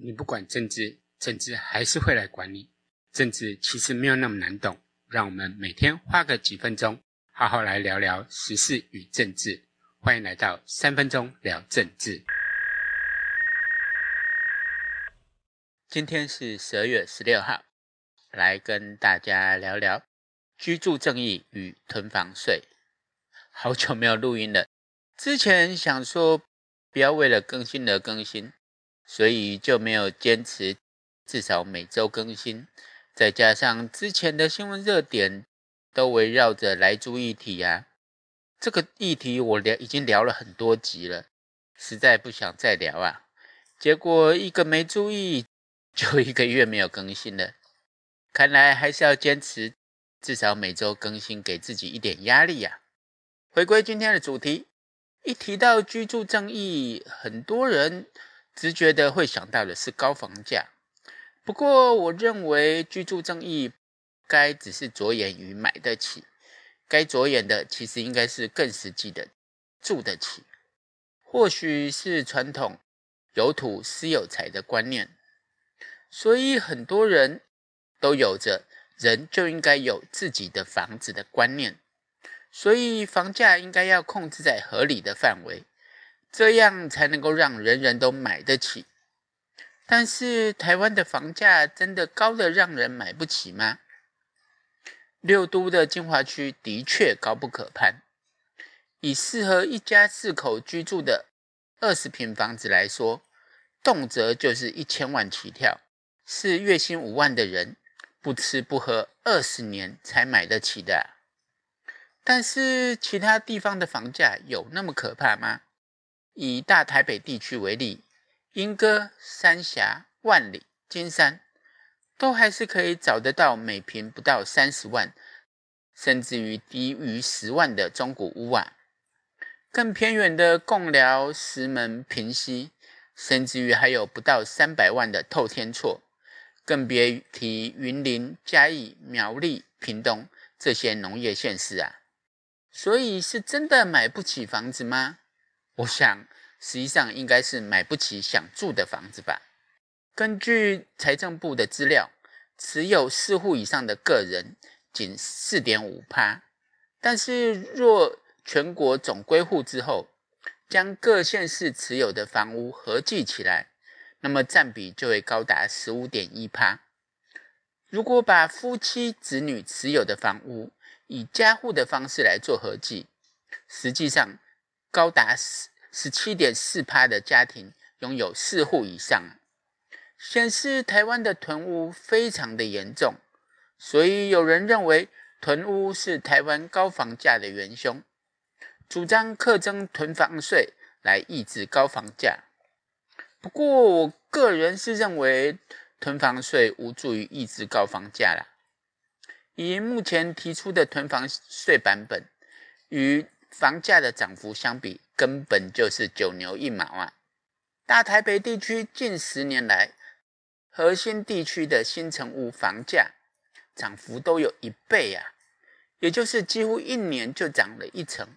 你不管政治，政治還是會來管你。政治其實沒有那麼難懂，讓我們每天花個幾分鐘，好好來聊聊時事與政治。歡迎來到三分鐘聊政治。今天是十二月十六號，來跟大家聊聊居住正義與囤房稅。好久沒有錄音了，之前想說不要為了更新而更新。所以就沒有堅持，至少每周更新。再加上之前的新聞熱點都圍繞着萊豬議題呀、啊，這個議題我聊已經聊了很多集了，實在不想再聊啊。結果一個沒注意，就一個月沒有更新了。看來還是要堅持，至少每周更新，給自己一點壓力呀、啊。回歸今天的主題，一提到居住正義，很多人。直覺的會想到的是高房價，不過我認為居住正義該只是着眼於買得起，該着眼的其實應該是更實際的住得起。或許是傳統有土斯有財的觀念，所以很多人都有着人就應該有自己的房子的觀念，所以房價應該要控制在合理的範圍。這樣才能夠讓人人都買得起。但是台灣的房價真的高得讓人買不起嗎？六都的精華區的確高不可攀。以適合一家四口居住的二十坪房子來說，動輒就是一千萬起跳，是月薪五萬的人不吃不喝二十年才買得起的啊。但是其他地方的房價有那麼可怕嗎？以大台北地區為例，鶯歌、三峽、萬里、金山，都還是可以找得到每坪不到三十萬，甚至於低於十萬的中古屋啊。更偏遠的貢寮、石門、平溪，甚至於還有不到三百萬的透天厝，更別提雲林、嘉義、苗栗、屏東這些農業縣市啊。所以是真的買不起房子嗎？我想。實際上應該是買不起想住的房子吧？根據財政部的資料，持有四戶以上的個人僅四點五趴。但是若全國總歸戶之後，將各縣市持有的房屋合計起來，那麼占比就會高達十五點一趴。如果把夫妻子女持有的房屋以家戶的方式來做合計，實際上高達十十七點四趴的家庭擁有四戶以上，顯示台灣的囤屋非常的嚴重，所以有人認為囤屋是台灣高房價的元凶，主張課徵囤房稅來抑制高房價。不過，我個人是認為囤房稅無助於抑制高房價啦。以目前提出的囤房稅版本，與房價的漲幅相比根本就是九牛一毛啊！大台北地區近十年來，核心地區的新成屋房價漲幅都有一倍啊，也就是幾乎一年就漲了一成，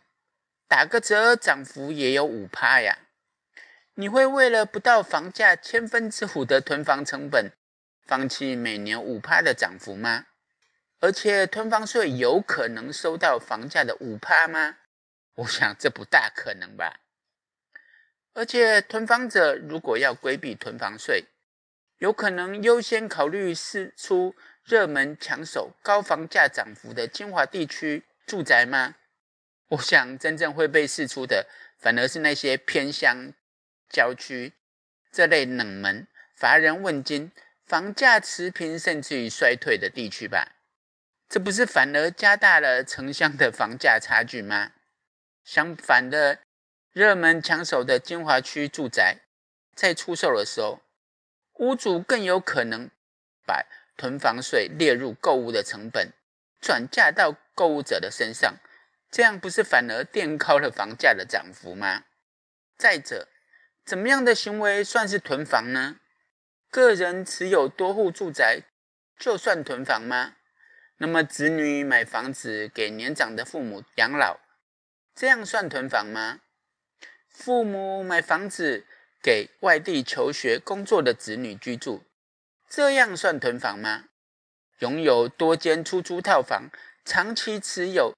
打個折漲幅也有五趴呀！你會為了不到房價千分之五的囤房成本，放棄每年五趴的漲幅嗎？而且囤房稅有可能收到房價的五趴嗎？我想這不大可能吧？而且囤房者如果要規避囤房稅，有可能優先考慮釋出熱門搶手、高房價漲幅的精華地區住宅嗎？我想真正會被釋出的，反而是那些偏鄉、郊區這類冷門、乏人問津、房價持平甚至於衰退的地區吧？這不是反而加大了城鄉的房價差距嗎？相反的，熱門搶手的精華區住宅，在出售的時候，屋主更有可能把囤房稅列入購屋的成本，轉嫁到購屋者的身上。這樣不是反而墊高了房價的漲幅嗎？再者，怎麼樣的行為算是囤房呢？個人持有多戶住宅就算囤房嗎？那麼，子女買房子給年長的父母養老？這樣算囤房嗎？父母買房子給外地求學工作的子女居住，這樣算囤房嗎？擁有多間出租套房、長期持有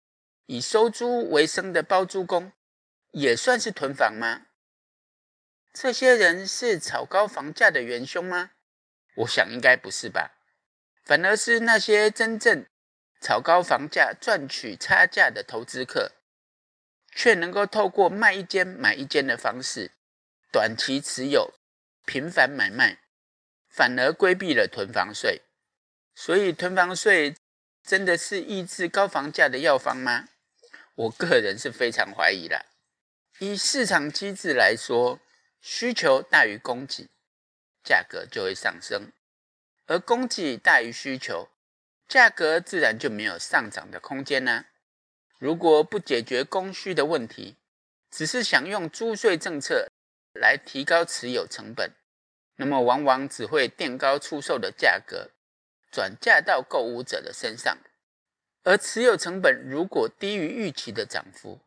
以收租為生的包租公，也算是囤房嗎？這些人是炒高房價的元凶嗎？我想應該不是吧，反而是那些真正炒高房價賺取差價的投資客。卻能夠透過賣一間買一間的方式，短期持有，頻繁買賣，反而規避了囤房稅。所以，囤房稅真的是抑制高房價的藥方嗎？我個人是非常懷疑的。以市場機制來說，需求大於供給，價格就會上升；而供給大於需求，價格自然就沒有上漲的空間啦、啊。如果不解決供需的問題，只是想用租稅政策來提高持有成本，那麼往往只會墊高出售的價格，轉嫁到購屋者的身上。而持有成本如果低於預期的漲幅，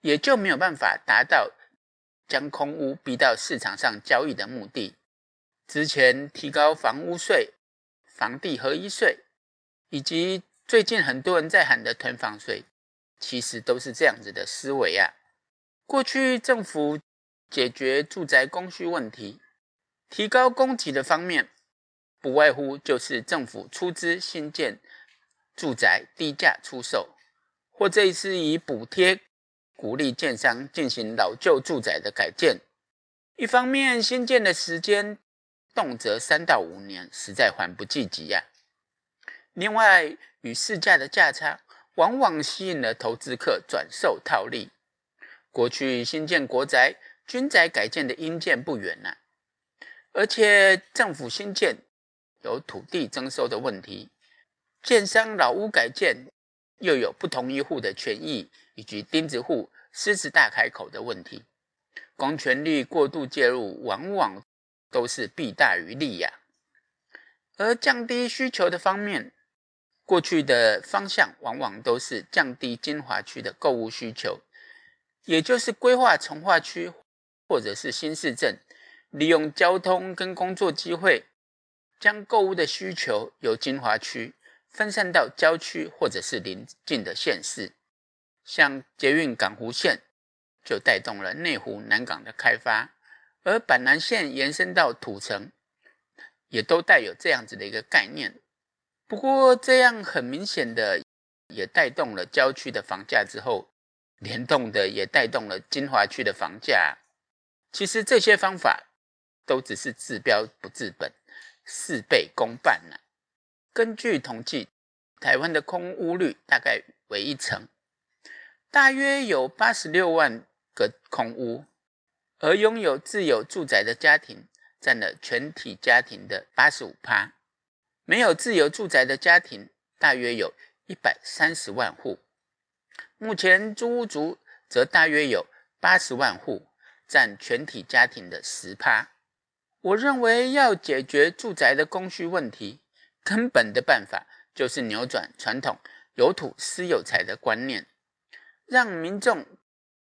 也就沒有辦法達到將空屋逼到市場上交易的目的。之前提高房屋稅、房地合一稅，以及最近很多人在喊的囤房稅。其實都是這樣子的思維啊。過去政府解決住宅供需問題，提高供給的方面，不外乎就是政府出資新建住宅低價出售，或者是以補貼鼓勵建商進行老舊住宅的改建。一方面，新建的時間動輒三到五年，實在緩不濟急呀。另外，與市價的價差。往往吸引了投資客轉售套利。過去新建國宅、軍宅改建的殷鑑不遠吶、啊，而且政府新建有土地徵收的問題，建商老屋改建又有不同意戶的權益，以及釘子戶獅子大開口的問題，公權力過度介入，往往都是弊大於利呀。而降低需求的方面。過去的方向往往都是降低精華區的購屋需求，也就是規劃重劃區或者是新市鎮，利用交通跟工作機會，將購屋的需求由精華區分散到郊區或者是臨近的縣市。像捷運港湖線就帶動了內湖南港的開發，而板南線延伸到土城，也都帶有這樣子的一個概念。不過這樣很明顯的也帶動了郊區的房價之後，聯動的也帶動了精華區的房價。其實這些方法都只是治標不治本，事倍功半呢、啊。根據統計，台灣的空屋率大概為一成，大約有八十六萬個空屋，而擁有自有住宅的家庭占了全體家庭的八十五趴。沒有自有住宅的家庭大約有一百三十萬戶，目前租屋族則大約有八十萬戶，佔全體家庭的十趴。我認為要解決住宅的供需問題，根本的辦法就是扭轉傳統有土斯有財的觀念，讓民眾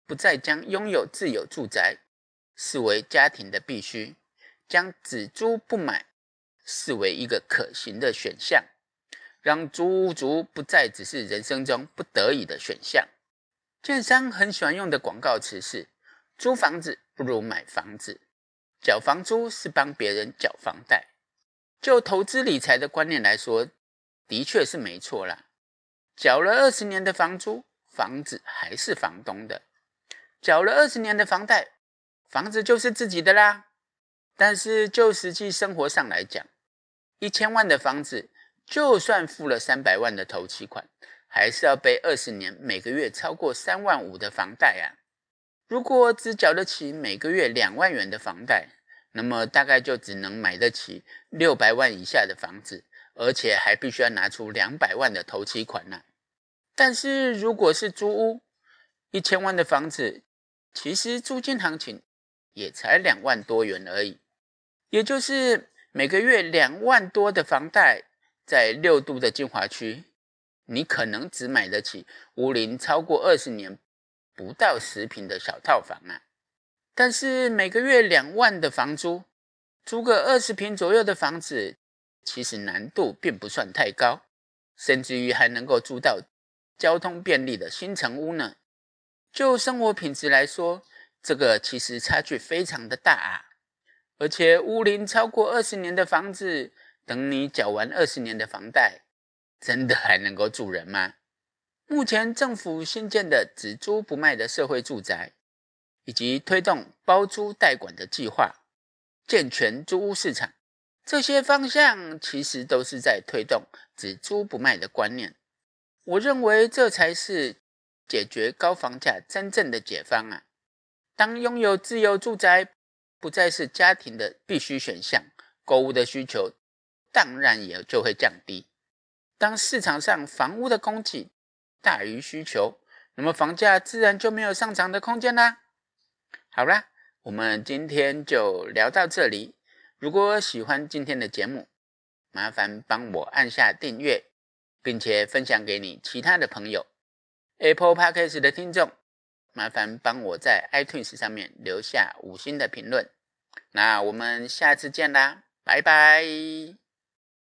不再將擁有自有住宅視為家庭的必須，將只租不買。視為一個可行的選項，讓租屋族不再只是人生中不得已的選項。建商很喜歡用的廣告詞是：“租房子不如買房子，繳房租是幫別人繳房貸。”就投資理財的觀念來說，的確是沒錯啦，繳了二十年的房租，房子還是房東的；繳了二十年的房貸，房子就是自己的啦。但是就實際生活上來講，一千萬的房子，就算付了三百萬的頭期款，還是要背二十年每個月超過三萬五的房貸啊！如果只繳得起每個月兩萬元的房貸，那麼大概就只能買得起六百萬以下的房子，而且還必須要拿出兩百萬的頭期款呢、啊。但是如果是租屋，一千萬的房子，其實租金行情也才兩萬多元而已，也就是。每個月兩萬多的房貸，在六都的精華區，你可能只買得起屋齡超過二十年、不到十坪的小套房啊。但是每個月兩萬的房租，租個二十坪左右的房子，其實難度並不算太高，甚至於還能夠租到交通便利的新成屋呢。就生活品質來說，這個其實差距非常的大啊。而且，屋齡超過二十年的房子，等你繳完二十年的房貸，真的還能夠住人嗎？目前政府新建的只租不賣的社會住宅，以及推動包租代管的計劃，健全租屋市場，這些方向其實都是在推動只租不賣的觀念。我認為這才是解決高房價真正的解方啊！當擁有自有住宅，不再是家庭的必須選項，購屋的需求當然也就會降低。當市場上房屋的供給大於需求，那麼房價自然就沒有上漲的空間啦，啊。好啦，我們今天就聊到這裡。如果喜歡今天的節目，麻煩幫我按下訂閱，並且分享給你其他的朋友。Apple Podcast 的聽眾，麻煩幫我在 iTunes 上面留下五星的評論。那我們下次見啦，拜拜。